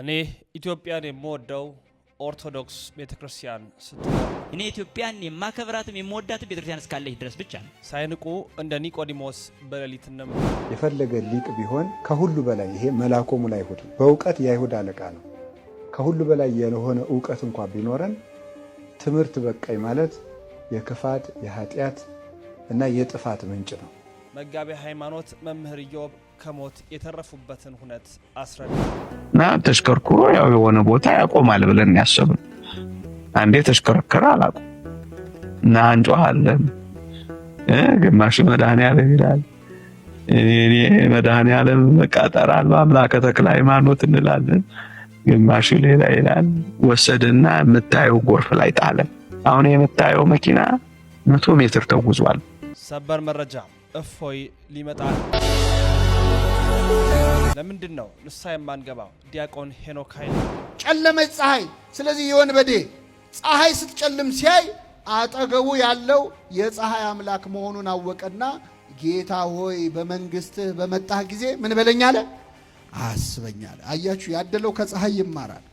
እኔ ኢትዮጵያን የምወደው ኦርቶዶክስ ቤተክርስቲያን ስትሆን እኔ ኢትዮጵያን የማከብራትም የምወዳትም ቤተክርስቲያን እስካለች ድረስ ብቻ ነው። ሳይንቁ እንደ ኒቆዲሞስ በሌሊት ነው። የፈለገ ሊቅ ቢሆን ከሁሉ በላይ ይሄ መላኮሙ ለአይሁድ በእውቀት የአይሁድ አለቃ ነው። ከሁሉ በላይ የሆነ እውቀት እንኳ ቢኖረን ትምህርት በቃኝ ማለት የክፋት የኃጢአት እና የጥፋት ምንጭ ነው። መጋቤ ሃይማኖት መምህር ኢዮብ ከሞት የተረፉበትን ሁነት አስረዳ እና ተሽከርክሮ ያው የሆነ ቦታ ያቆማል ብለን ያሰብን አንዴ ተሽከረከረ አላቁ እና እንጮሃለን። ግማሽ መድኃኔ ዓለም ይላል እኔ መድኃኔ ዓለም መቃጠር አልባ ተክለ ሃይማኖት እንላለን። ግማሹ ሌላ ይላል። ወሰድና የምታየው ጎርፍ ላይ ጣለ። አሁን የምታየው መኪና መቶ ሜትር ተጉዟል። ሰበር መረጃ እፎይ ሊመጣ ለምንድን ነው ንስሐ የማንገባው? ዲያቆን ሄኖክ ኃይል ጨለመች ፀሐይ። ስለዚህ የወንበዴ ፀሐይ ስትጨልም ሲያይ አጠገቡ ያለው የፀሐይ አምላክ መሆኑን አወቀና ጌታ ሆይ በመንግስትህ በመጣህ ጊዜ ምን በለኝ አለ፣ አስበኝ አለ። አያችሁ፣ ያደለው ከፀሐይ ይማራል።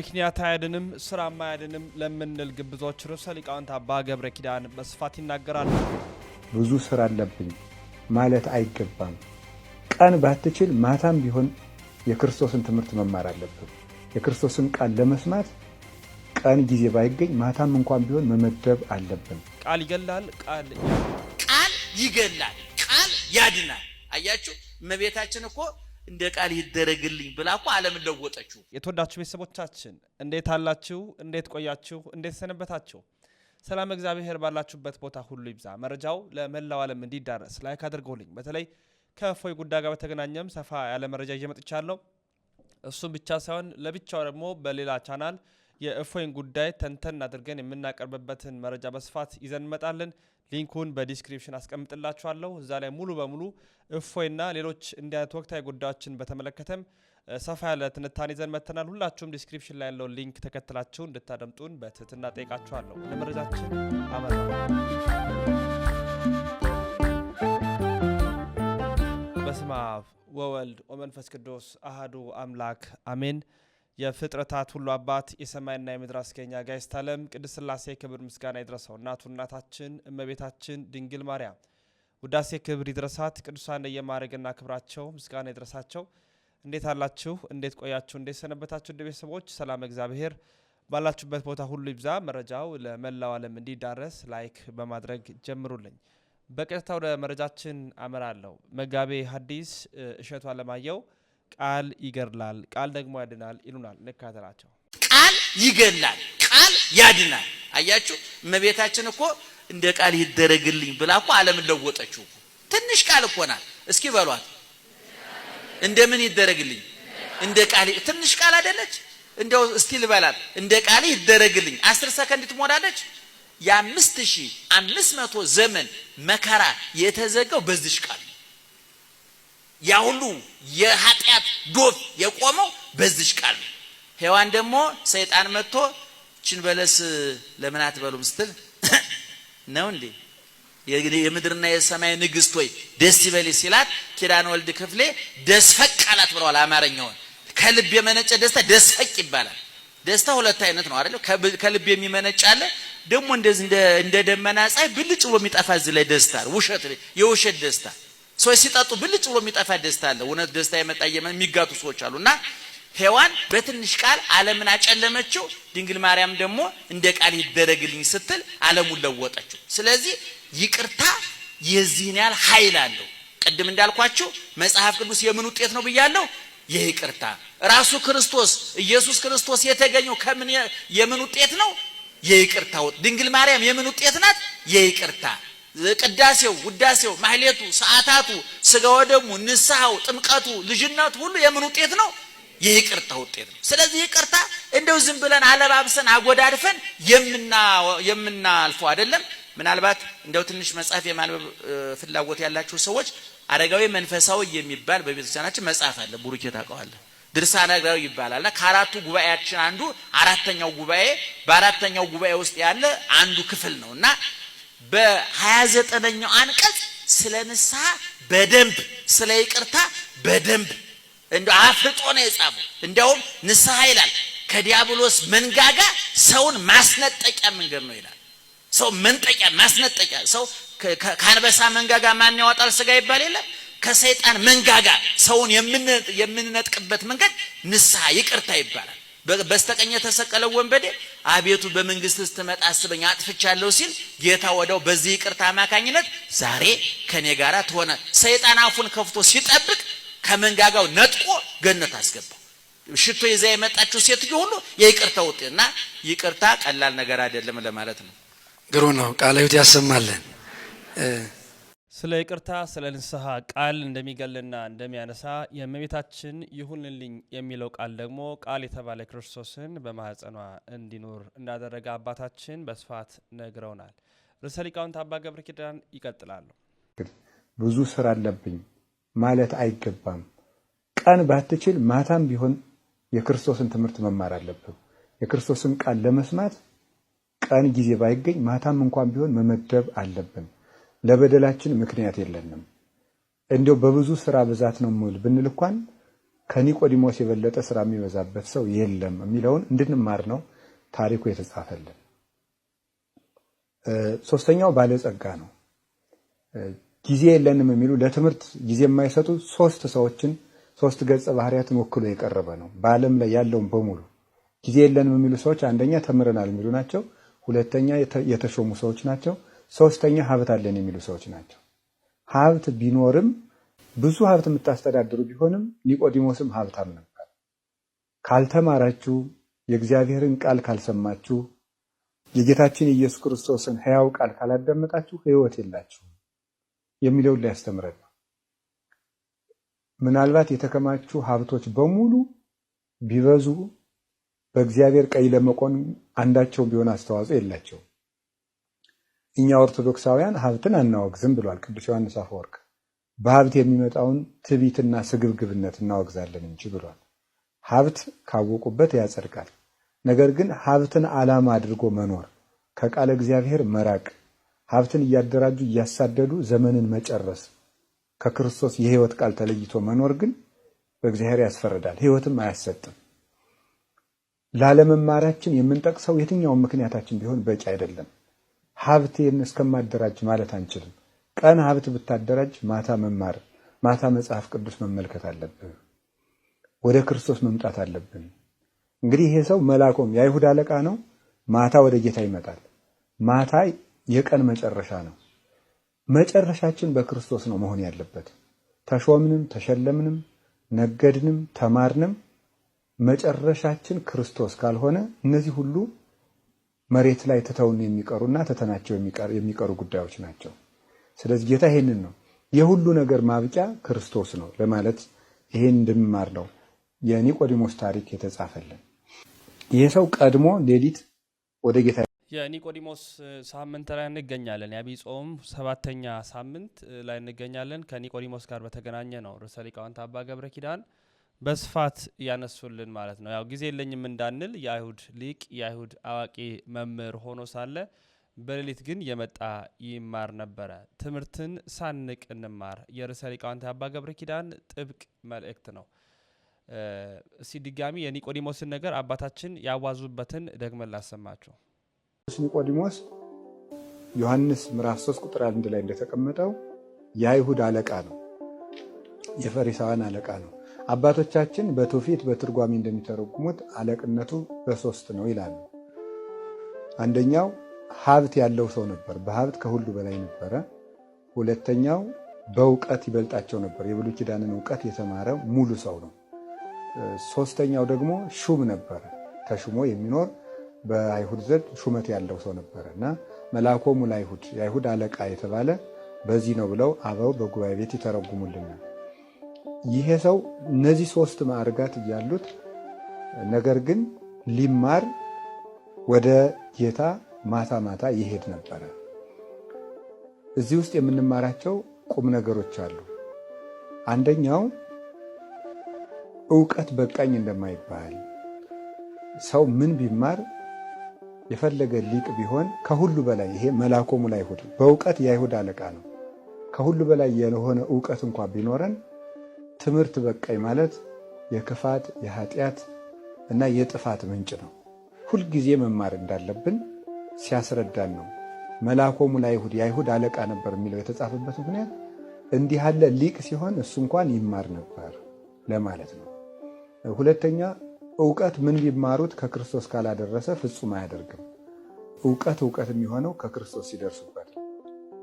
ምክንያት አያድንም፣ ስራ ማያድንም ለምንል ግብዞች ርዕሰ ሊቃውንት አባ ገብረ ኪዳን በስፋት ይናገራሉ። ብዙ ስራ አለብኝ ማለት አይገባም። ቀን ባትችል ማታም ቢሆን የክርስቶስን ትምህርት መማር አለብን። የክርስቶስን ቃል ለመስማት ቀን ጊዜ ባይገኝ ማታም እንኳን ቢሆን መመደብ አለብን። ቃል ይገላል። ቃል ቃል ይገላል። ቃል ያድናል። አያችሁ፣ እመቤታችን እኮ እንደ ቃል ይደረግልኝ ብላ እኮ ዓለምን ለወጠችው። የተወዳችሁ ቤተሰቦቻችን እንዴት አላችሁ? እንዴት ቆያችሁ? እንዴት ሰነበታችሁ? ሰላም እግዚአብሔር ባላችሁበት ቦታ ሁሉ ይብዛ። መረጃው ለመላው ዓለም እንዲዳረስ ላይክ አድርገውልኝ በተለይ ከእፎይ ጉዳይ ጋር በተገናኘም ሰፋ ያለ መረጃ ይዤ መጥቻለሁ። እሱም ብቻ ሳይሆን ለብቻው ደግሞ በሌላ ቻናል የእፎይን ጉዳይ ተንተን አድርገን የምናቀርብበትን መረጃ በስፋት ይዘን እንመጣለን። ሊንኩን በዲስክሪፕሽን አስቀምጥላችኋለሁ። እዛ ላይ ሙሉ በሙሉ እፎይና ሌሎች እንዲህ አይነት ወቅታዊ ጉዳዮችን በተመለከተም ሰፋ ያለ ትንታኔ ይዘን መጥተናል። ሁላችሁም ዲስክሪፕሽን ላይ ያለውን ሊንክ ተከትላችሁ እንድታደምጡን በትህትና ጠይቃችኋለሁ። ለመረጃችን አመራ በስመ አብ ወወልድ ወመንፈስ ቅዱስ አህዱ አምላክ አሜን። የፍጥረታት ሁሉ አባት የሰማይና የምድር አስገኛ ጋይስት ዓለም ቅድስት ስላሴ ክብር ምስጋና ይድረሰው። እናቱ እናታችን እመቤታችን ድንግል ማርያም ውዳሴ ክብር ይድረሳት። ቅዱሳን የማዕረግና ክብራቸው ምስጋና ይድረሳቸው። እንዴት አላችሁ? እንዴት ቆያችሁ? እንዴት ሰነበታችሁ? እንደ ቤተሰቦች ሰላም እግዚአብሔር ባላችሁበት ቦታ ሁሉ ይብዛ። መረጃው ለመላው ዓለም እንዲዳረስ ላይክ በማድረግ ጀምሩልኝ። በቀጥታ ወደ መረጃችን አመራለሁ። መጋቤ ሐዲስ እሸቱ አለማየሁ ቃል ይገድላል፣ ቃል ደግሞ ያድናል ይሉናል። እንካተላቸው። ቃል ይገድላል፣ ቃል ያድናል። አያችሁ፣ እመቤታችን እኮ እንደ ቃል ይደረግልኝ ብላ እኮ ዓለምን ለወጠችው። ትንሽ ቃል እኮ ናት። እስኪ በሏት እንደ ምን ይደረግልኝ? እንደ ቃል ትንሽ ቃል አይደለች? እንደው እስቲ ልበላት እንደ ቃል ይደረግልኝ። አስር ሰከንድ ትሞላለች። የአምስት ሺህ አምስት መቶ ዘመን መከራ የተዘጋው በዚች ቃል ነው። ያ ሁሉ የኃጢአት ዶፍ የቆመው በዚች ቃል ነው። ሔዋን ደግሞ ሰይጣን መጥቶ ችን በለስ ለምን አትበሉም ስትል ነው እንዴ የምድርና የሰማይ ንግሥት ሆይ ደስ ይበል ሲላት ኪዳን ወልድ ክፍሌ ደስ ፈቅ አላት ብለዋል። አማርኛውን ከልብ የመነጨ ደስታ ደስ ፈቅ ይባላል። ደስታ ሁለት አይነት ነው አይደል? ከልብ የሚመነጭ አለ ደግሞ እንደዚህ እንደ ደመና ፀሐይ ብልጭ ብሎ የሚጠፋ እዚህ ላይ ደስታ ውሸት፣ የውሸት ደስታ ሰዎች ሲጠጡ ብልጭ ብሎ የሚጠፋ ደስታ አለ። እውነት ደስታ የመጣ የሚጋቱ ሰዎች አሉ። እና ሔዋን በትንሽ ቃል ዓለምን አጨለመችው። ድንግል ማርያም ደግሞ እንደ ቃል ይደረግልኝ ስትል ዓለሙን ለወጠችው። ስለዚህ ይቅርታ የዚህን ያህል ኃይል አለው። ቅድም እንዳልኳችሁ መጽሐፍ ቅዱስ የምን ውጤት ነው ብያለሁ? ይህ ይቅርታ ራሱ ክርስቶስ ኢየሱስ ክርስቶስ የተገኘው ከምን የምን ውጤት ነው? የይቅርታ ድንግል ማርያም የምን ውጤት ናት? የይቅርታ ቅዳሴው፣ ውዳሴው፣ ማህሌቱ፣ ሰዓታቱ፣ ስጋው፣ ደሙ፣ ንስሐው፣ ጥምቀቱ፣ ልጅነቱ ሁሉ የምን ውጤት ነው? የይቅርታ ውጤት ነው። ስለዚህ ይቅርታ እንደው ዝም ብለን አለባብሰን አጎዳድፈን የምናልፈው አይደለም። ምናልባት እንደው ትንሽ መጽሐፍ የማንበብ ፍላጎት ያላችሁ ሰዎች አረጋዊ መንፈሳዊ የሚባል በቤተክርስቲያናችን መጽሐፍ አለ። ቡሩኬ ታውቀዋለህ? ድርሳ ዳዊ ይባላል እና ከአራቱ ጉባኤያችን አንዱ አራተኛው ጉባኤ በአራተኛው ጉባኤ ውስጥ ያለ አንዱ ክፍል ነው እና በሀያ ዘጠነኛው አንቀጽ ስለ ንስሐ በደንብ ስለ ይቅርታ በደንብ እንደ አፍጦ ነው የጻፉ እንዲያውም ንስሐ ይላል ከዲያብሎስ መንጋጋ ሰውን ማስነጠቂያ መንገድ ነው ይላል። ሰው መንጠቂያ ማስነጠቂያ ሰው ከአንበሳ መንጋጋ ማን ያወጣል ስጋ ይባል የለም ከሰይጣን መንጋጋ ሰውን የምንነጥቅበት መንገድ ንስሐ ይቅርታ ይባላል። በስተቀኝ የተሰቀለው ወንበዴ አቤቱ በመንግስት ስትመጣ አስበኝ አጥፍቻለሁ ሲል ጌታ ወደው በዚህ ይቅርታ አማካኝነት ዛሬ ከኔ ጋራ ትሆነ። ሰይጣን አፉን ከፍቶ ሲጠብቅ ከመንጋጋው ነጥቆ ገነት አስገባ። ሽቶ ይዛ የመጣችው ሴትዮ ሁሉ የይቅርታ ውጤት እና ይቅርታ ቀላል ነገር አይደለም ለማለት ነው። ግሩ ነው። ቃለ ሕይወት ያሰማልን። ስለ ይቅርታ ስለ ንስሐ ቃል እንደሚገልና እንደሚያነሳ የእመቤታችን ይሁንልኝ የሚለው ቃል ደግሞ ቃል የተባለ ክርስቶስን በማህፀኗ እንዲኖር እንዳደረገ አባታችን በስፋት ነግረውናል። ርዕሰ ሊቃውንት አባ ገብረ ኪዳን ይቀጥላሉ። ብዙ ስራ አለብኝ ማለት አይገባም። ቀን ባትችል ማታም ቢሆን የክርስቶስን ትምህርት መማር አለብህ። የክርስቶስን ቃል ለመስማት ቀን ጊዜ ባይገኝ ማታም እንኳን ቢሆን መመደብ አለብን። ለበደላችን ምክንያት የለንም። እንዲያው በብዙ ስራ ብዛት ነው ሙል ብንል እንኳን ከኒቆዲሞስ የበለጠ ስራ የሚበዛበት ሰው የለም የሚለውን እንድንማር ነው ታሪኩ የተጻፈልን። ሶስተኛው ባለጸጋ ነው። ጊዜ የለንም የሚሉ ለትምህርት ጊዜ የማይሰጡ ሶስት ሰዎችን ሶስት ገጸ ባህሪያትን ወክሎ የቀረበ ነው። በዓለም ላይ ያለውን በሙሉ ጊዜ የለንም የሚሉ ሰዎች አንደኛ ተምረናል የሚሉ ናቸው። ሁለተኛ የተሾሙ ሰዎች ናቸው። ሶስተኛ ሀብት አለን የሚሉ ሰዎች ናቸው። ሀብት ቢኖርም ብዙ ሀብት የምታስተዳድሩ ቢሆንም ኒቆዲሞስም ሀብታም ነበር። ካልተማራችሁ፣ የእግዚአብሔርን ቃል ካልሰማችሁ፣ የጌታችን የኢየሱስ ክርስቶስን ሕያው ቃል ካላዳመጣችሁ ህይወት የላችሁም የሚለውን ሊያስተምረን ነው። ምናልባት የተከማችሁ ሀብቶች በሙሉ ቢበዙ በእግዚአብሔር ቀኝ ለመቆም አንዳቸውም ቢሆን አስተዋጽኦ የላቸውም። እኛ ኦርቶዶክሳውያን ሀብትን አናወግዝም ብሏል ቅዱስ ዮሐንስ አፈወርቅ። በሀብት የሚመጣውን ትቢትና ስግብግብነት እናወግዛለን እንጂ ብሏል። ሀብት ካወቁበት ያጸድቃል። ነገር ግን ሀብትን ዓላማ አድርጎ መኖር፣ ከቃለ እግዚአብሔር መራቅ፣ ሀብትን እያደራጁ እያሳደዱ ዘመንን መጨረስ፣ ከክርስቶስ የህይወት ቃል ተለይቶ መኖር ግን በእግዚአብሔር ያስፈርዳል፣ ህይወትም አያሰጥም። ላለመማራችን የምንጠቅሰው የትኛውን ምክንያታችን ቢሆን በቂ አይደለም። ሀብቴን እስከማደራጅ ማለት አንችልም። ቀን ሀብት ብታደራጅ ማታ መማር፣ ማታ መጽሐፍ ቅዱስ መመልከት አለብን። ወደ ክርስቶስ መምጣት አለብን። እንግዲህ ይሄ ሰው መላኮም የአይሁድ አለቃ ነው። ማታ ወደ ጌታ ይመጣል። ማታ የቀን መጨረሻ ነው። መጨረሻችን በክርስቶስ ነው መሆን ያለበት። ተሾምንም፣ ተሸለምንም፣ ነገድንም፣ ተማርንም መጨረሻችን ክርስቶስ ካልሆነ እነዚህ ሁሉ መሬት ላይ ትተውን የሚቀሩና ትተናቸው የሚቀሩ ጉዳዮች ናቸው። ስለዚህ ጌታ ይሄንን ነው የሁሉ ነገር ማብቂያ ክርስቶስ ነው ለማለት ይሄን እንድንማር ነው የኒቆዲሞስ ታሪክ የተጻፈልን። ይህ ሰው ቀድሞ ሌሊት ወደ ጌታ የኒቆዲሞስ ሳምንት ላይ እንገኛለን። የአብይ ጾም ሰባተኛ ሳምንት ላይ እንገኛለን። ከኒቆዲሞስ ጋር በተገናኘ ነው ርዕሰ ሊቃውንት አባ ገብረ ኪዳን በስፋት ያነሱልን ማለት ነው። ያው ጊዜ የለኝም እንዳንል የአይሁድ ሊቅ የአይሁድ አዋቂ መምህር ሆኖ ሳለ በሌሊት ግን የመጣ ይማር ነበረ። ትምህርትን ሳንቅ እንማር የርዕሰ ሊቃውንት አባ ገብረ ኪዳን ጥብቅ መልእክት ነው። እስቲ ድጋሚ የኒቆዲሞስን ነገር አባታችን ያዋዙበትን ደግመን ላሰማችሁ። ኒቆዲሞስ ዮሐንስ ምዕራፍ 3 ቁጥር 1 ላይ እንደተቀመጠው የአይሁድ አለቃ ነው፣ የፈሪሳውያን አለቃ ነው። አባቶቻችን በትውፊት በትርጓሚ እንደሚተረጉሙት አለቅነቱ በሶስት ነው ይላሉ። አንደኛው ሀብት ያለው ሰው ነበር፣ በሀብት ከሁሉ በላይ ነበረ። ሁለተኛው በእውቀት ይበልጣቸው ነበር፣ የብሉይ ኪዳንን እውቀት የተማረ ሙሉ ሰው ነው። ሶስተኛው ደግሞ ሹም ነበረ፣ ተሹሞ የሚኖር በአይሁድ ዘንድ ሹመት ያለው ሰው ነበረ እና መላኮሙ ለአይሁድ የአይሁድ አለቃ የተባለ በዚህ ነው ብለው አበው በጉባኤ ቤት ይተረጉሙልናል። ይሄ ሰው እነዚህ ሶስት ማዕርጋት እያሉት ነገር ግን ሊማር ወደ ጌታ ማታ ማታ ይሄድ ነበረ። እዚህ ውስጥ የምንማራቸው ቁም ነገሮች አሉ። አንደኛው እውቀት በቃኝ እንደማይባል ሰው ምን ቢማር የፈለገ ሊቅ ቢሆን ከሁሉ በላይ ይሄ መላኮሙ ለአይሁድ በእውቀት የአይሁድ አለቃ ነው። ከሁሉ በላይ የሆነ እውቀት እንኳ ቢኖረን ትምህርት በቃኝ ማለት የክፋት የኃጢአት እና የጥፋት ምንጭ ነው። ሁልጊዜ መማር እንዳለብን ሲያስረዳን ነው። መላኮሙ ለአይሁድ የአይሁድ አለቃ ነበር የሚለው የተጻፈበት ምክንያት እንዲህ ያለ ሊቅ ሲሆን እሱ እንኳን ይማር ነበር ለማለት ነው። ሁለተኛ እውቀት ምን ቢማሩት ከክርስቶስ ካላደረሰ ፍጹም አያደርግም። እውቀት እውቀት የሚሆነው ከክርስቶስ ሲደርሱበት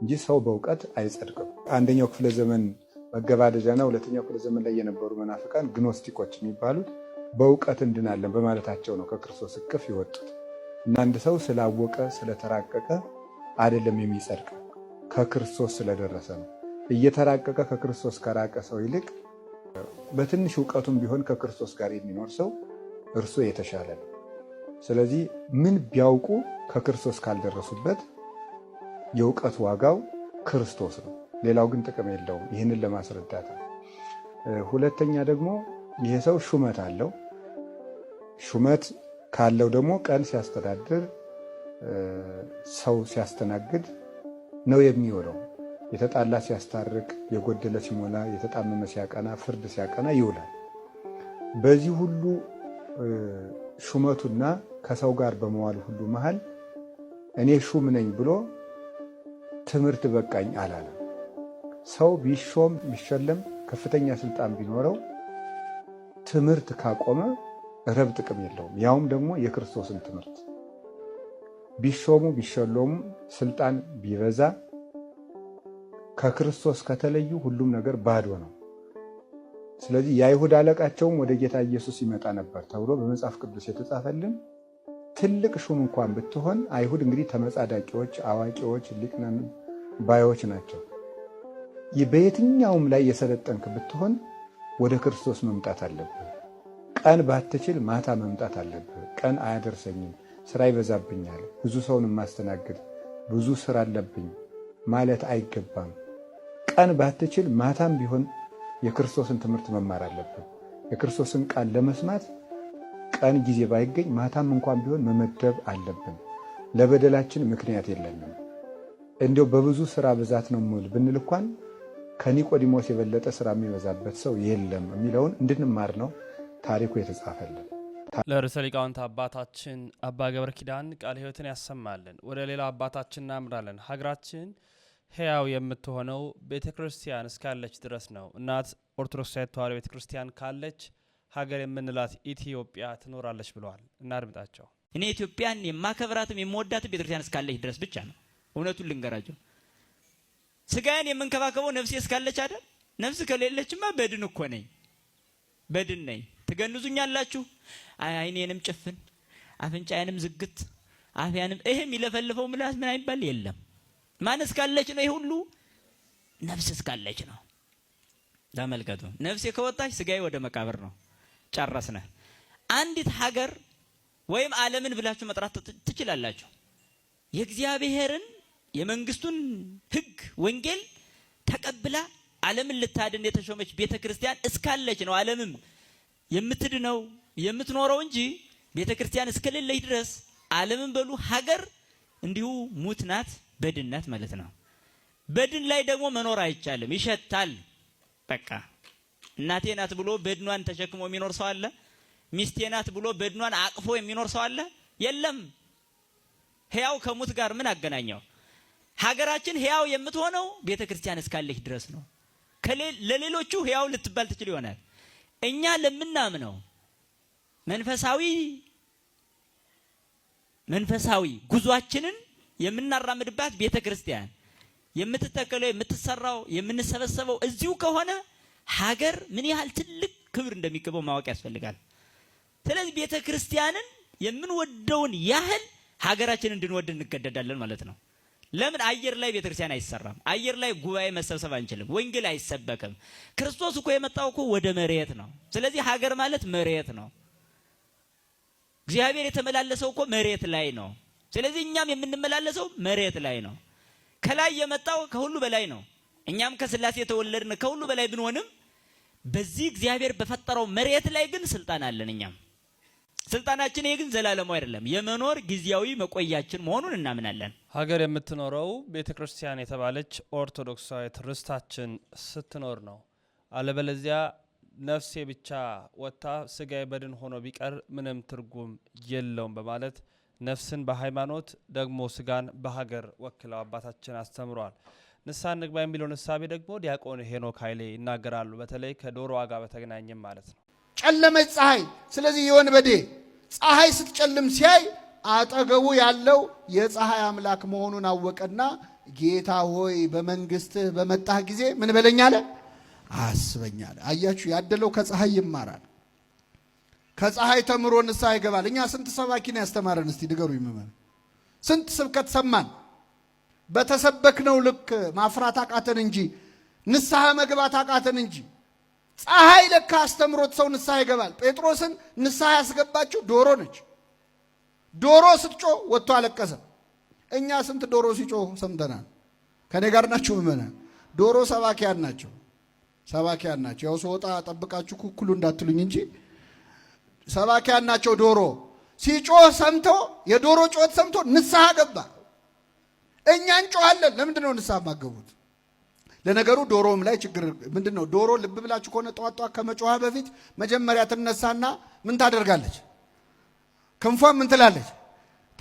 እንጂ ሰው በእውቀት አይጸድቅም። አንደኛው ክፍለ ዘመን መገባደጃና ሁለተኛው ክፍለ ዘመን ላይ የነበሩ መናፍቃን ግኖስቲኮች የሚባሉት በእውቀት እንድናለን በማለታቸው ነው ከክርስቶስ እቅፍ የወጡት እና አንድ ሰው ስላወቀ ስለተራቀቀ አይደለም የሚጸድቅ ከክርስቶስ ስለደረሰ ነው። እየተራቀቀ ከክርስቶስ ከራቀ ሰው ይልቅ በትንሽ እውቀቱም ቢሆን ከክርስቶስ ጋር የሚኖር ሰው እርሱ የተሻለ ነው። ስለዚህ ምን ቢያውቁ ከክርስቶስ ካልደረሱበት የእውቀት ዋጋው ክርስቶስ ነው። ሌላው ግን ጥቅም የለውም። ይህንን ለማስረዳት ሁለተኛ ደግሞ ይሄ ሰው ሹመት አለው። ሹመት ካለው ደግሞ ቀን ሲያስተዳድር ሰው ሲያስተናግድ ነው የሚውለው። የተጣላ ሲያስታርቅ፣ የጎደለ ሲሞላ፣ የተጣመመ ሲያቀና፣ ፍርድ ሲያቀና ይውላል። በዚህ ሁሉ ሹመቱና ከሰው ጋር በመዋል ሁሉ መሃል እኔ ሹም ነኝ ብሎ ትምህርት በቃኝ አላለም። ሰው ቢሾም ቢሸለም ከፍተኛ ስልጣን ቢኖረው ትምህርት ካቆመ ረብ ጥቅም የለውም። ያውም ደግሞ የክርስቶስን ትምህርት ቢሾሙ ቢሸለሙ ስልጣን ቢበዛ ከክርስቶስ ከተለዩ ሁሉም ነገር ባዶ ነው። ስለዚህ የአይሁድ አለቃቸውም ወደ ጌታ ኢየሱስ ይመጣ ነበር ተብሎ በመጽሐፍ ቅዱስ የተጻፈልን ትልቅ ሹም እንኳን ብትሆን አይሁድ እንግዲህ ተመጻዳቂዎች፣ አዋቂዎች፣ ሊቅነን ባዮች ናቸው። በየትኛውም ላይ የሰለጠንክ ብትሆን ወደ ክርስቶስ መምጣት አለብህ። ቀን ባትችል ማታ መምጣት አለብህ። ቀን አያደርሰኝም፣ ስራ ይበዛብኛል፣ ብዙ ሰውን የማስተናግድ ብዙ ስራ አለብኝ ማለት አይገባም። ቀን ባትችል ማታም ቢሆን የክርስቶስን ትምህርት መማር አለብን። የክርስቶስን ቃል ለመስማት ቀን ጊዜ ባይገኝ ማታም እንኳን ቢሆን መመደብ አለብን። ለበደላችን ምክንያት የለንም። እንዲያው በብዙ ስራ ብዛት ነው የምውል ብንል እንኳን ከኒቆዲሞስ የበለጠ ስራ የሚበዛበት ሰው የለም የሚለውን እንድንማር ነው ታሪኩ የተጻፈልን። ለርዕሰ ሊቃውንት አባታችን አባ ገብረ ኪዳን ቃለ ሕይወትን ያሰማልን። ወደ ሌላ አባታችን እናምራለን። ሀገራችን ሕያው የምትሆነው ቤተ ክርስቲያን እስካለች ድረስ ነው። እናት ኦርቶዶክስ ተዋሕዶ ቤተ ክርስቲያን ካለች ሀገር የምንላት ኢትዮጵያ ትኖራለች ብለዋል። እናድምጣቸው። እኔ ኢትዮጵያን የማከብራትም የምወዳትም ቤተ ክርስቲያን እስካለች ድረስ ብቻ ነው። እውነቱን ልንገራቸው። ስጋዬን የምንከባከበው ነፍሴ እስካለች አይደል? ነፍስ ከሌለችማ በድን እኮ ነኝ፣ በድን ነኝ። ትገንዙኛላችሁ። አይኔንም ጭፍን፣ አፍንጫዬንም ዝግት፣ አፍያንም ይሄ የሚለፈልፈው ምላስ ምን አይባል የለም። ማን እስካለች ነው? ይሄ ሁሉ ነፍስ እስካለች ነው። ተመልከቱ። ነፍሴ ከወጣች ስጋዬ ወደ መቃብር ነው። ጨረስነ። አንዲት ሀገር ወይም ዓለምን ብላችሁ መጥራት ትችላላችሁ። የእግዚአብሔርን የመንግስቱን ህግ ወንጌል ተቀብላ ዓለምን ልታድን የተሾመች ቤተ ክርስቲያን እስካለች ነው ዓለምም የምትድነው የምትኖረው እንጂ ቤተ ክርስቲያን እስከሌለች ድረስ ዓለምን በሉ ሀገር እንዲሁ ሙት ናት፣ በድን ናት ማለት ነው። በድን ላይ ደግሞ መኖር አይቻልም፣ ይሸታል። በቃ እናቴ ናት ብሎ በድኗን ተሸክሞ የሚኖር ሰው አለ? ሚስቴ ናት ብሎ በድኗን አቅፎ የሚኖር ሰው አለ? የለም። ህያው ከሙት ጋር ምን አገናኘው? ሀገራችን ህያው የምትሆነው ቤተ ክርስቲያን እስካለች ድረስ ነው። ለሌሎቹ ህያው ልትባል ትችል ይሆናል። እኛ ለምናምነው መንፈሳዊ መንፈሳዊ ጉዟችንን የምናራምድባት ቤተ ክርስቲያን የምትተከለው የምትሰራው የምንሰበሰበው እዚሁ ከሆነ ሀገር ምን ያህል ትልቅ ክብር እንደሚገባው ማወቅ ያስፈልጋል። ስለዚህ ቤተ ክርስቲያንን የምንወደውን ያህል ሀገራችንን እንድንወድ እንገደዳለን ማለት ነው። ለምን አየር ላይ ቤተክርስቲያን አይሰራም? አየር ላይ ጉባኤ መሰብሰብ አንችልም። ወንጌል አይሰበክም። ክርስቶስ እኮ የመጣው እኮ ወደ መሬት ነው። ስለዚህ ሀገር ማለት መሬት ነው። እግዚአብሔር የተመላለሰው እኮ መሬት ላይ ነው። ስለዚህ እኛም የምንመላለሰው መሬት ላይ ነው። ከላይ የመጣው ከሁሉ በላይ ነው። እኛም ከስላሴ የተወለድን ከሁሉ በላይ ብንሆንም በዚህ እግዚአብሔር በፈጠረው መሬት ላይ ግን ስልጣን አለን እኛም ስልጣናችን ይሄ ግን ዘላለማዊ አይደለም፣ የመኖር ጊዜያዊ መቆያችን መሆኑን እናምናለን። ሀገር የምትኖረው ቤተ ክርስቲያን የተባለች ኦርቶዶክሳዊት ርስታችን ስትኖር ነው። አለበለዚያ ነፍሴ ብቻ ወጥታ ስጋዬ በድን ሆኖ ቢቀር ምንም ትርጉም የለውም በማለት ነፍስን በሃይማኖት ደግሞ ስጋን በሀገር ወክለው አባታችን አስተምረዋል። ንስሐ እንግባ የሚለውን እሳቤ ደግሞ ዲያቆን ሄኖክ ኃይሌ ይናገራሉ። በተለይ ከዶሮ ዋጋ በተገናኘም ማለት ነው። ጨለመች ፀሐይ። ስለዚህ የወንበዴ ፀሐይ ስትጨልም ሲያይ አጠገቡ ያለው የፀሐይ አምላክ መሆኑን አወቀና ጌታ ሆይ በመንግስትህ በመጣህ ጊዜ ምን በለኝ አለ፣ አስበኝ አለ። አያችሁ፣ ያደለው ከፀሐይ ይማራል። ከፀሐይ ተምሮ ንስሐ ይገባል። እኛ ስንት ነው ያስተማረን? እስቲ ንገሩ ይመመን። ስንት ስብከት ሰማን? በተሰበክነው ልክ ማፍራት አቃተን እንጂ ንስሐ መግባት አቃተን እንጂ ፀሐይ ለካ አስተምሮት ሰው ንስሐ ይገባል። ጴጥሮስን ንስሐ ያስገባችው ዶሮ ነች። ዶሮ ስትጮ ወጥቶ አለቀሰ። እኛ ስንት ዶሮ ሲጮህ ሰምተናል። ከኔ ጋር ናችሁ? ምመና ዶሮ ሰባኪያን ናቸው፣ ሰባኪያን ናቸው። ያው ስወጣ ጠብቃችሁ ኩኩሉ እንዳትሉኝ እንጂ ሰባኪያን ናቸው። ዶሮ ሲጮህ ሰምቶ የዶሮ ጮት ሰምቶ ንስሐ ገባ። እኛ እንጮሃለን። ለምንድን ነው ንስሐ ማገቡት? ለነገሩ ዶሮም ላይ ችግር ምንድን ነው? ዶሮ ልብ ብላችሁ ከሆነ ጠዋት ጠዋት ከመጮኋ በፊት መጀመሪያ ትነሳና ምን ታደርጋለች? ክንፏ ምን ትላለች?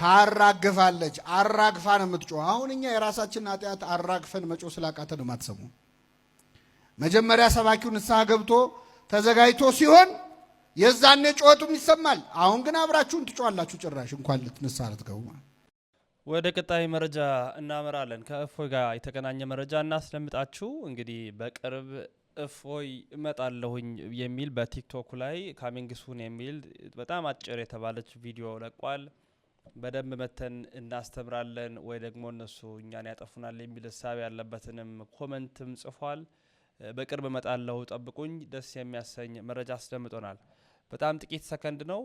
ታራግፋለች። አራግፋ ነው የምትጮህ። አሁን እኛ የራሳችንን ኃጢአት አራግፈን መጮ ስላቃተ ነው ማትሰሙ። መጀመሪያ ሰባኪው ንስሐ ገብቶ ተዘጋጅቶ ሲሆን የዛኔ ጩኸቱም ይሰማል። አሁን ግን አብራችሁን ትጮኋላችሁ። ጭራሽ እንኳን ልትነሳ ልትገቡ ማለት ወደ ቀጣይ መረጃ እናመራለን። ከእፎይ ጋር የተገናኘ መረጃ እናስደምጣችሁ። እንግዲህ በቅርብ እፎይ እመጣለሁኝ የሚል በቲክቶኩ ላይ ካሚንግሱን የሚል በጣም አጭር የተባለች ቪዲዮ ለቋል። በደንብ መተን እናስተምራለን ወይ ደግሞ እነሱ እኛን ያጠፉናል የሚል እሳቤ ያለበትንም ኮመንትም ጽፏል። በቅርብ እመጣለሁ ጠብቁኝ፣ ደስ የሚያሰኝ መረጃ አስደምጦናል። በጣም ጥቂት ሰከንድ ነው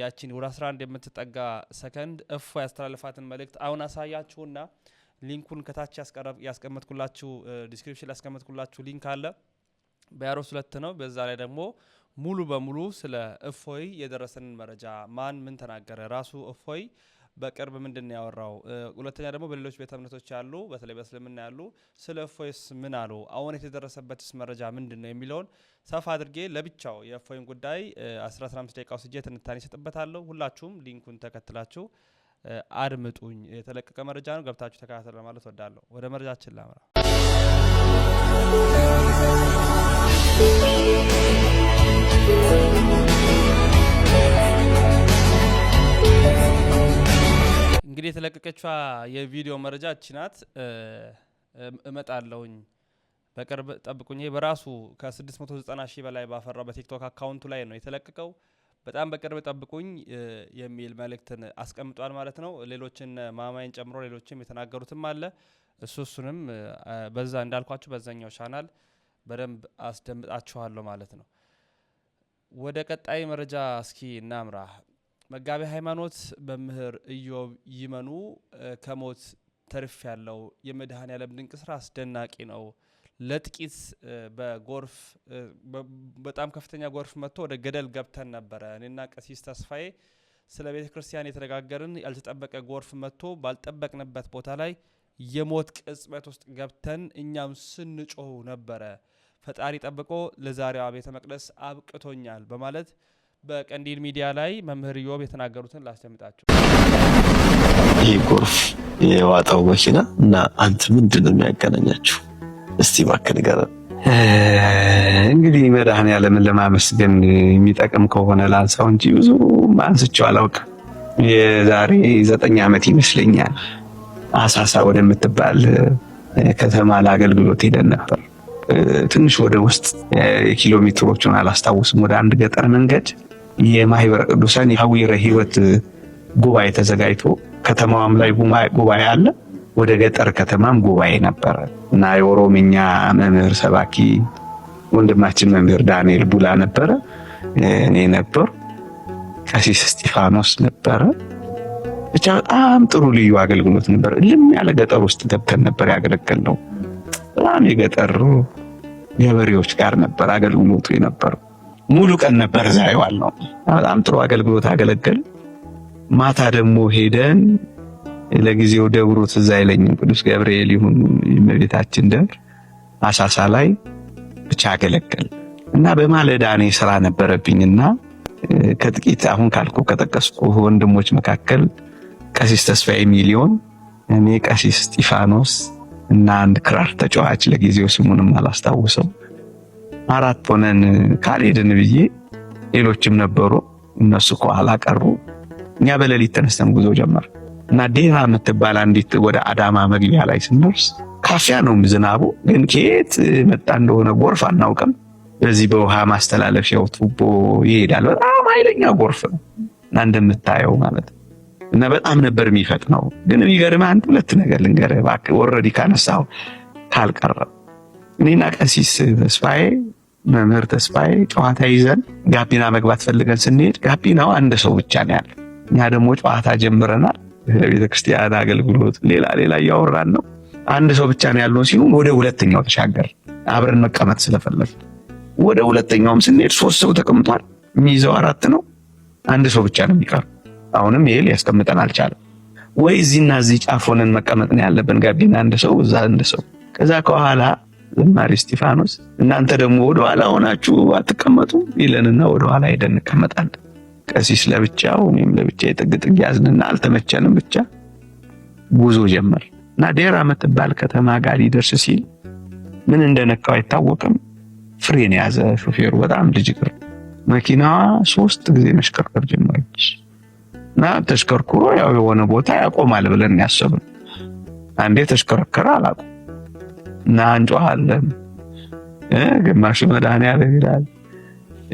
ያችን ወደ 11 የምትጠጋ ሰከንድ እፎ ያስተላልፋትን መልእክት አሁን አሳያችሁና ሊንኩን ከታች ያስቀመጥኩላችሁ ዲስክሪፕሽን ያስቀመጥኩላችሁ ሊንክ አለ። በያሮስ ሁለት ነው። በዛ ላይ ደግሞ ሙሉ በሙሉ ስለ እፎይ የደረሰንን መረጃ ማን ምን ተናገረ ራሱ እፎይ በቅርብ ምንድን ነው ያወራው? ሁለተኛ ደግሞ በሌሎች ቤተ እምነቶች ያሉ በተለይ በእስልምና ያሉ ስለ እፎይስ ምን አሉ፣ አሁን የተደረሰበትስ መረጃ ምንድን ነው የሚለውን ሰፋ አድርጌ ለብቻው የእፎይን ጉዳይ 15 ደቂቃ ውስጄ ትንታኔ ይሰጥበታለሁ። ሁላችሁም ሊንኩን ተከትላችሁ አድምጡኝ። የተለቀቀ መረጃ ነው፣ ገብታችሁ ተከታተል ለማለት ወዳለሁ። ወደ መረጃችን ላምራ። እንግዲህ የተለቀቀችዋ የቪዲዮ መረጃ ችናት ናት። በቅርብ ጠብቁኝ። ይሄ በራሱ ከ690 ሺህ በላይ ባፈራው በቲክቶክ አካውንቱ ላይ ነው የተለቀቀው። በጣም በቅርብ ጠብቁኝ የሚል መልእክትን አስቀምጧል ማለት ነው። ሌሎችን ማማይን ጨምሮ ሌሎችም የተናገሩትም አለ። እሱ እሱንም በዛ እንዳልኳችሁ በዛኛው ቻናል በደንብ አስደምጣችኋለሁ ማለት ነው። ወደ ቀጣይ መረጃ እስኪ እናምራ። መጋቢ ሃይማኖት መምህር ኢዮብ ይመኑ ከሞት ተርፍ ያለው የመድኃኔ ዓለም ድንቅ ስራ አስደናቂ ነው። ለጥቂት በጎርፍ በጣም ከፍተኛ ጎርፍ መጥቶ ወደ ገደል ገብተን ነበረ። እኔና ቀሲስ ተስፋዬ ስለ ቤተ ክርስቲያን የተነጋገርን። ያልተጠበቀ ጎርፍ መጥቶ ባልጠበቅንበት ቦታ ላይ የሞት ቅጽበት ውስጥ ገብተን እኛም ስንጮሁ ነበረ። ፈጣሪ ጠብቆ ለዛሬዋ ቤተ መቅደስ አብቅቶኛል በማለት በቀንዲል ሚዲያ ላይ መምህር ዮብ የተናገሩትን ላስደምጣቸው። ይህ ጎርፍ የዋጣው መኪና እና አንተ ምንድን ነው የሚያገናኛችሁ? እስቲ እባክህ ንገረን። እንግዲህ መድኃኔዓለምን ለማመስገን የሚጠቅም ከሆነ ላንሳው እንጂ ብዙ አንስቼው አላውቅም። የዛሬ ዘጠኝ ዓመት ይመስለኛል አሳሳ ወደምትባል ከተማ ለአገልግሎት ሄደን ነበር። ትንሽ ወደ ውስጥ የኪሎ ሜትሮቹን አላስታውስም። ወደ አንድ ገጠር መንገድ የማህበረ ቅዱሳን የሐዊረ ህይወት ጉባኤ ተዘጋጅቶ ከተማዋም ላይ ጉባኤ አለ። ወደ ገጠር ከተማም ጉባኤ ነበረ እና የኦሮምኛ መምህር ሰባኪ ወንድማችን መምህር ዳንኤል ቡላ ነበረ። እኔ ነበር፣ ቀሲስ እስጢፋኖስ ነበረ። ብቻ በጣም ጥሩ ልዩ አገልግሎት ነበር። ልም ያለ ገጠር ውስጥ ገብተን ነበር ያገለገልነው። በጣም የገጠር ገበሬዎች ጋር ነበር አገልግሎቱ የነበረው። ሙሉ ቀን ነበር እዛ ይዋል ነው። በጣም ጥሩ አገልግሎት አገለገል። ማታ ደግሞ ሄደን ለጊዜው ደብሩ ትዝ አይለኝም፣ ቅዱስ ገብርኤል ይሁን የእመቤታችን ደብር አሳሳ ላይ ብቻ አገለገል እና በማለዳ እኔ ስራ ነበረብኝና ከጥቂት አሁን ካልኩ ከጠቀስኩ ወንድሞች መካከል ቀሲስ ተስፋዬ ሚሊዮን፣ እኔ ቀሲስ እስጢፋኖስ እና አንድ ክራር ተጫዋች ለጊዜው ስሙንም አላስታውሰው አራት ሆነን ካልሄድን ብዬ ሌሎችም ነበሩ። እነሱ ከኋላ ቀሩ። እኛ በሌሊት ተነስተን ጉዞ ጀመር እና ዴራ የምትባል አንዲት ወደ አዳማ መግቢያ ላይ ስንደርስ ካፊያ ነው ዝናቡ፣ ግን ከየት መጣ እንደሆነ ጎርፍ አናውቅም። በዚህ በውሃ ማስተላለፊያው ቱቦ ይሄዳል። በጣም ኃይለኛ ጎርፍ ነው እና እንደምታየው ማለት እና በጣም ነበር ነው። ግን የሚገርምህ አንድ ሁለት ነገር ልንገርህ፣ ወረዲ ካነሳው ካልቀረ እኔና ቀሲስ ተስፋዬ መምህር ተስፋዬ ጨዋታ ይዘን ጋቢና መግባት ፈልገን ስንሄድ ጋቢናው አንድ ሰው ብቻ ነው ያለ። እኛ ደግሞ ጨዋታ ጀምረናል። ለቤተክርስቲያን አገልግሎት ሌላ ሌላ እያወራን ነው። አንድ ሰው ብቻ ነው ያለው ሲሉ ወደ ሁለተኛው ተሻገር አብረን መቀመጥ ስለፈለግ ወደ ሁለተኛውም ስንሄድ ሶስት ሰው ተቀምጧል። የሚይዘው አራት ነው። አንድ ሰው ብቻ ነው የሚቀር። አሁንም ይሄ ሊያስቀምጠን አልቻለም። ወይ እዚህና እዚህ ጫፍ ሆነን መቀመጥ ነው ያለብን። ጋቢና አንድ ሰው እዛ አንድ ሰው ከዛ ከኋላ ዘማሪ እስጢፋኖስ እናንተ ደግሞ ወደኋላ ሆናችሁ አትቀመጡ ይለንና ወደኋላ ሄደን እንቀመጣለን። ቀሲስ ለብቻው እኔም ለብቻ የጥግጥግ ያዝንና አልተመቸንም። ብቻ ጉዞ ጀመር እና ዴራ የምትባል ከተማ ጋር ሊደርስ ሲል ምን እንደነካው አይታወቅም። ፍሬን የያዘ ሾፌሩ በጣም ልጅ ቅር መኪናዋ ሶስት ጊዜ መሽከርከር ጀመረች እና ተሽከርክሮ ያው የሆነ ቦታ ያቆማል ብለን ያሰብን አንዴ ተሽከረከረ አላቁ እና እንጮሃለን። ግማሽ መድኃኔዓለም ይላል።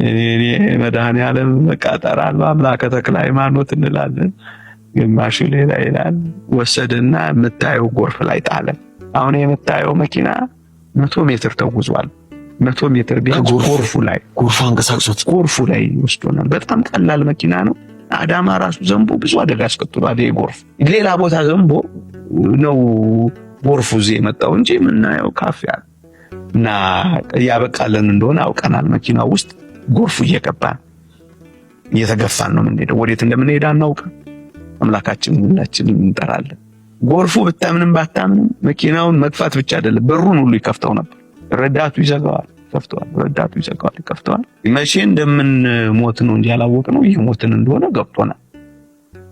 እኔ መድኃኔዓለም በቃ እጠራለሁ አምላከ ተክለ ሃይማኖት እንላለን። ግማሹ ሌላ ይላል። ወሰደና የምታየው ጎርፍ ላይ ጣለ። አሁን የምታየው መኪና መቶ ሜትር ተጉዟል። መቶ ሜትር ቢያንስ ጎርፉ ላይ ጎርፉ አንቀሳቅሶት ጎርፉ ላይ ይወስዶናል። በጣም ቀላል መኪና ነው። አዳማ ራሱ ዘንቦ ብዙ አደጋ ያስቀጥሏል። ይሄ ጎርፍ ሌላ ቦታ ዘንቦ ነው ጎርፉ ዜ የመጣው እንጂ የምናየው ካፌ አለ እና እያበቃለን እንደሆነ አውቀናል። መኪና ውስጥ ጎርፉ እየገባን እየተገፋን ነው የምንሄደው። ወዴት እንደምንሄድ አናውቅም። አምላካችን ሁላችንም እንጠራለን። ጎርፉ ብታምንም ባታምንም መኪናውን መግፋት ብቻ አይደለም፣ በሩን ሁሉ ይከፍተው ነበር። ረዳቱ ይዘጋዋል፣ ይከፍተዋል። ረዳቱ ይዘጋዋል፣ ይከፍተዋል። መቼ እንደምንሞት ነው እንጂ ያላወቅነው እየሞትን እንደሆነ ገብቶናል።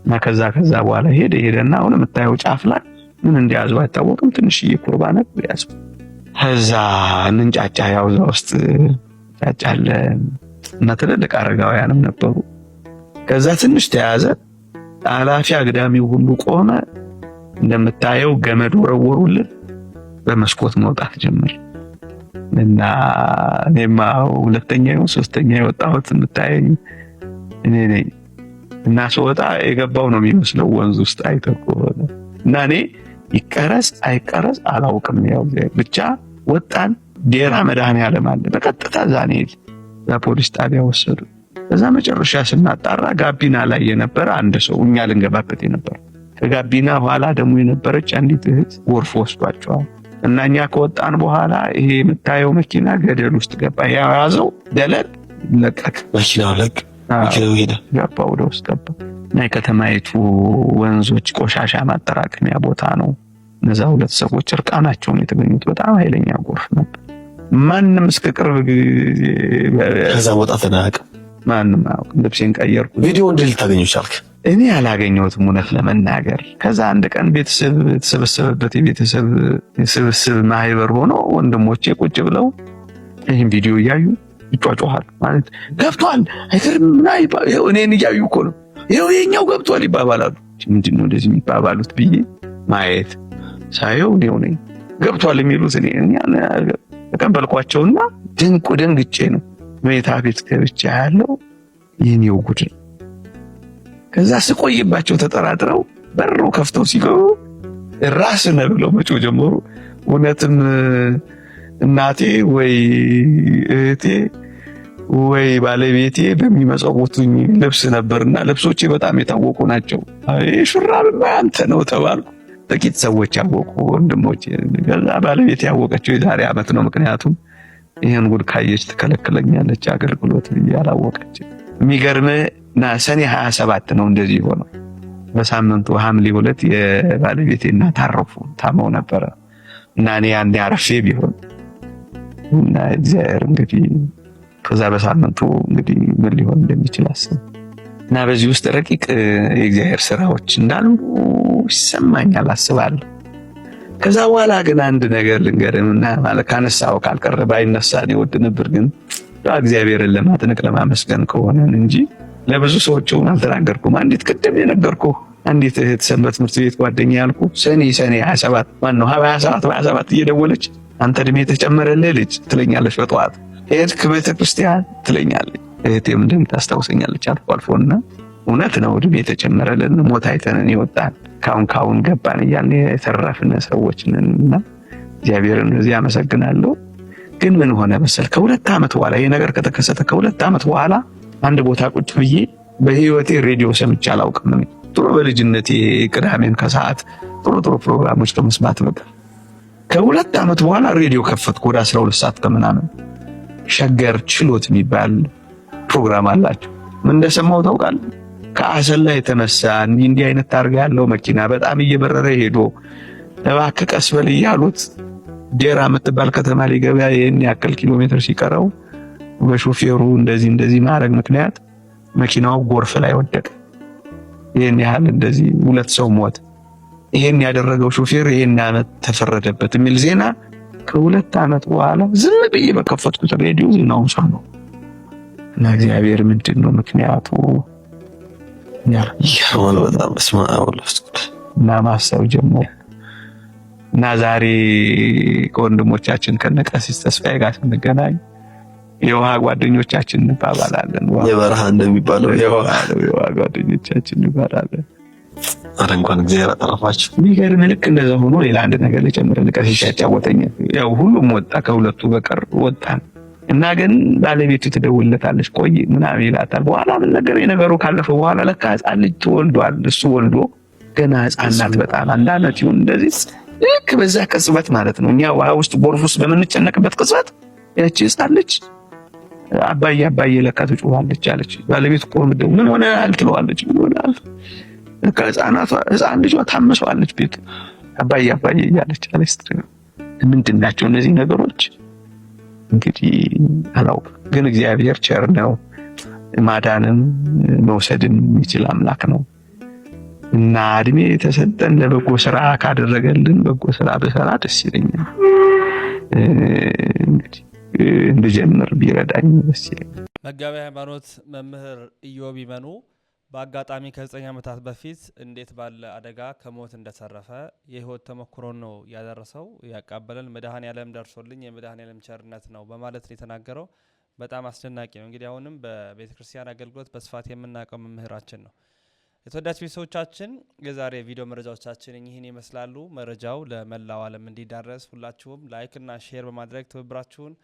እና ከዛ ከዛ በኋላ ሄደ ሄደና አሁን የምታየው ጫፍ ላይ ምን እንደያዙ አይታወቅም። ትንሽዬ ኩርባ ነበር ያዙ። ከዛ ምንጫጫ ያው እዛ ውስጥ ጫጫለ እና ትልልቅ አረጋውያንም ነበሩ። ከዛ ትንሽ ተያዘ። አላፊ አግዳሚው ሁሉ ቆመ። እንደምታየው ገመድ ወረወሩልን። በመስኮት መውጣት ጀመር እና እኔማ ሁለተኛ ይሁን ሶስተኛ የወጣሁት የምታየኝ እኔ ነኝ። እና ስወጣ የገባው ነው የሚመስለው ወንዝ ውስጥ አይተኮ እና እኔ ይቀረስ አይቀረስ አላውቅም። ያው ብቻ ወጣን። ዴራ መድኃኔዓለም አለ። በቀጥታ ዛኔል ለፖሊስ ጣቢያ ወሰዱ። እዛ መጨረሻ ስናጣራ ጋቢና ላይ የነበረ አንድ ሰው እኛ ልንገባበት የነበረ ከጋቢና ኋላ ደግሞ የነበረች አንዲት እህት ጎርፍ ወስዷቸዋል። እና እኛ ከወጣን በኋላ ይሄ የምታየው መኪና ገደል ውስጥ ገባ። ያው ያዘው ደለል ለቀቅ መኪናው ለቅ ገባ፣ ወደ ውስጥ ገባ። እና የከተማይቱ ወንዞች ቆሻሻ ማጠራቀሚያ ቦታ ነው። እነዛ ሁለት ሰዎች እርቃናቸውን የተገኙት በጣም ኃይለኛ ጎርፍ ነበር። ማንም እስከ ቅርብ ጊዜ ከዛ መውጣትን አያውቅም። ማንም አያውቅም። ልብሴን ቀየርኩ። ቪዲዮ እንዴት ልታገኙ ቻልክ? እኔ ያላገኘሁትም እውነት ለመናገር ከዛ አንድ ቀን ቤተሰብ የተሰበሰበበት የቤተሰብ ስብስብ ማህበር ሆኖ ወንድሞቼ ቁጭ ብለው ይህን ቪዲዮ እያዩ ይጫጫሃል ማለት ገብቷል አይገርም ምና እኔን እያዩ እኮ ነው ይኸው ይሄኛው ገብቷል ይባባላሉ። ምንድን ነው እንደዚህ የሚባባሉት ብዬ ማየት ሳየው እኔው ነኝ ገብቷል የሚሉት እኔ ተቀበልኳቸውና ደንቁ ደንግጬ ነው መኝታ ቤት ገብቼ ያለው የኔው ጉድ ነው። ከዛ ስቆይባቸው ተጠራጥረው በሩ ከፍተው ሲገቡ ራስ ነ ብለው መጮ ጀመሩ። እውነትም እናቴ ወይ እህቴ ወይ ባለቤቴ በሚመጸውቱኝ ልብስ ነበርና ልብሶቼ በጣም የታወቁ ናቸው። አይ ሹራብማ ያንተ ነው ተባልኩ። ጥቂት ሰዎች ያወቁ ወንድሞች። ገዛ ባለቤቴ ያወቀችው የዛሬ ዓመት ነው። ምክንያቱም ይህን ጉድ ካየች ትከለክለኛለች አገልግሎት ያላወቀች። የሚገርም ሰኔ 27 ነው እንደዚህ ሆነ። በሳምንቱ ሐምሌ ሁለት የባለቤቴ እናት ታረፉ። ታመው ነበረ እና እኔ ያኔ አረፌ ቢሆን እና እግዚአብሔር እንግዲህ ከዛ በሳምንቱ እንግዲህ ምን ሊሆን እንደሚችል አስብ እና በዚህ ውስጥ ረቂቅ የእግዚአብሔር ስራዎች እንዳሉ ይሰማኛል፣ አስባለሁ። ከዛ በኋላ ግን አንድ ነገር ልንገርምና ማለት ካነሳው ካልቀረ ባይነሳ ወድ ነበር፣ ግን እግዚአብሔርን ለማጥነቅ ለማመስገን ከሆነ እንጂ ለብዙ ሰዎች አልተናገርኩም። አንዲት ቅድም የነገርኩ አንዲት እህት ሰንበት ትምህርት ቤት ጓደኛ ያልኩ ሰኔ ሰኔ 27 ማነው 27 27 እየደወለች አንተ እድሜ የተጨመረልህ ልጅ ትለኛለች በጠዋት ሄድክ ቤተክርስቲያን ትለኛለች። እህቴም እንደም ታስታውሰኛለች አልፎ አልፎና እውነት ነው። ድም የተጨመረልን ሞት አይተንን ይወጣል ካሁን ካሁን ገባን እያልን የተረፍን ሰዎች ነን እና እግዚአብሔርን እዚህ አመሰግናለሁ። ግን ምን ሆነ መሰል ከሁለት ዓመት በኋላ ይሄ ነገር ከተከሰተ ከሁለት ዓመት በኋላ አንድ ቦታ ቁጭ ብዬ በህይወቴ ሬዲዮ ሰምቼ አላውቅም። ጥሩ በልጅነቴ ቅዳሜን ከሰዓት ጥሩ ጥሩ ፕሮግራሞች ከመስማት በቃ ከሁለት ዓመት በኋላ ሬዲዮ ከፈትኩ ወደ 12 ሰዓት ከምናምን ሸገር ችሎት የሚባል ፕሮግራም አላቸው። እንደሰማው ታውቃል። ከአሰላ የተነሳ እንዲህ እንዲህ አይነት ታርገ ያለው መኪና በጣም እየበረረ ሄዶ እባክህ ቀስ በል እያሉት ዴራ የምትባል ከተማ ሊገበያ ይህን ያክል ኪሎ ሜትር ሲቀረው በሾፌሩ እንደዚህ እንደዚህ ማድረግ ምክንያት መኪናው ጎርፍ ላይ ወደቀ። ይህን ያህል እንደዚህ ሁለት ሰው ሞት። ይህን ያደረገው ሾፌር ይህን ያመት ተፈረደበት የሚል ዜና ከሁለት ዓመት በኋላ ዝም ብዬ በከፈትኩት ሬዲዮ ዜናውን ሰማሁ እና እግዚአብሔር ምንድን ነው ምክንያቱ እና ማሰብ ጀመርኩ እና ዛሬ ከወንድሞቻችን ከነቀሲስ ተስፋዬ ጋር ስንገናኝ የውሃ ጓደኞቻችን እንባባላለን። የበረሃ እንደሚባለው የውሃ ጓደኞቻችን እንባላለን። አረ እንኳን እግዚአብሔር አጠረፋችሁ። ቢገርም ልክ እንደዛ ሆኖ ሌላ አንድ ነገር ልጨምር። ንቀት ሲሻት ያወተኛል። ያው ሁሉም ወጣ ከሁለቱ በቀር ወጣ እና ግን ባለቤቱ ትደውልለታለች። ቆይ ምናምን ይላታል። በኋላ ምን ነገር የነገሩ ካለፈ በኋላ ለካ ሕፃን ልጅ ተወልዷል። እሱ ወልዶ ገና ሕፃን ናት። በጣም አንድ ዓመት ይሁን እንደዚህ ልክ በዛ ቅጽበት ማለት ነው እኛ ውሃ ውስጥ ጎርፍ ውስጥ በምንጨነቅበት ቅጽበት ያቺ ሕፃን ልጅ አባዬ አባዬ ለካ ትጮኻለች አለች። ባለቤት ቆም ደው ምን ሆነ አልትለዋለች ምን ሆነ ከህፃናቷ ህፃን ልጇ ታመሰዋለች ቤት አባዬ አባዬ እያለች አለች። ምንድን ናቸው እነዚህ ነገሮች? እንግዲህ አላውቅም፣ ግን እግዚአብሔር ቸር ነው። ማዳንም መውሰድን የሚችል አምላክ ነው እና እድሜ የተሰጠን ለበጎ ስራ ካደረገልን በጎ ስራ በሰራ ደስ ይለኛል። እንግዲህ እንድጀምር ቢረዳኝ ደስ ይለኛል። መጋቢ ሃይማኖት መምህር ኢዮብ ይመኑ በአጋጣሚ ከዘጠኝ ዓመታት በፊት እንዴት ባለ አደጋ ከሞት እንደተረፈ የህይወት ተሞክሮን ነው ያደረሰው ያቃበለን መድኃኔ ዓለም ደርሶልኝ የመድኃኔ ዓለም ቸርነት ነው በማለት ነው የተናገረው። በጣም አስደናቂ ነው። እንግዲህ አሁንም በቤተ ክርስቲያን አገልግሎት በስፋት የምናውቀው መምህራችን ነው። የተወዳጅ ቤተሰቦቻችን የዛሬ ቪዲዮ መረጃዎቻችን ይህን ይመስላሉ። መረጃው ለመላው ዓለም እንዲዳረስ ሁላችሁም ላይክና ሼር በማድረግ ትብብራችሁን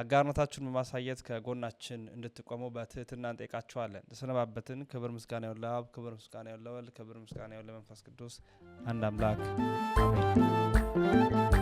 አጋርነታችሁን በማሳየት ከጎናችን እንድትቆሙ በትህትና እንጠይቃችኋለን። ተሰነባበትን። ክብር ምስጋና ይሁን ለአብ፣ ክብር ምስጋና ይሁን ለወልድ፣ ክብር ምስጋና ይሁን ለመንፈስ ቅዱስ አንድ አምላክ አሜን።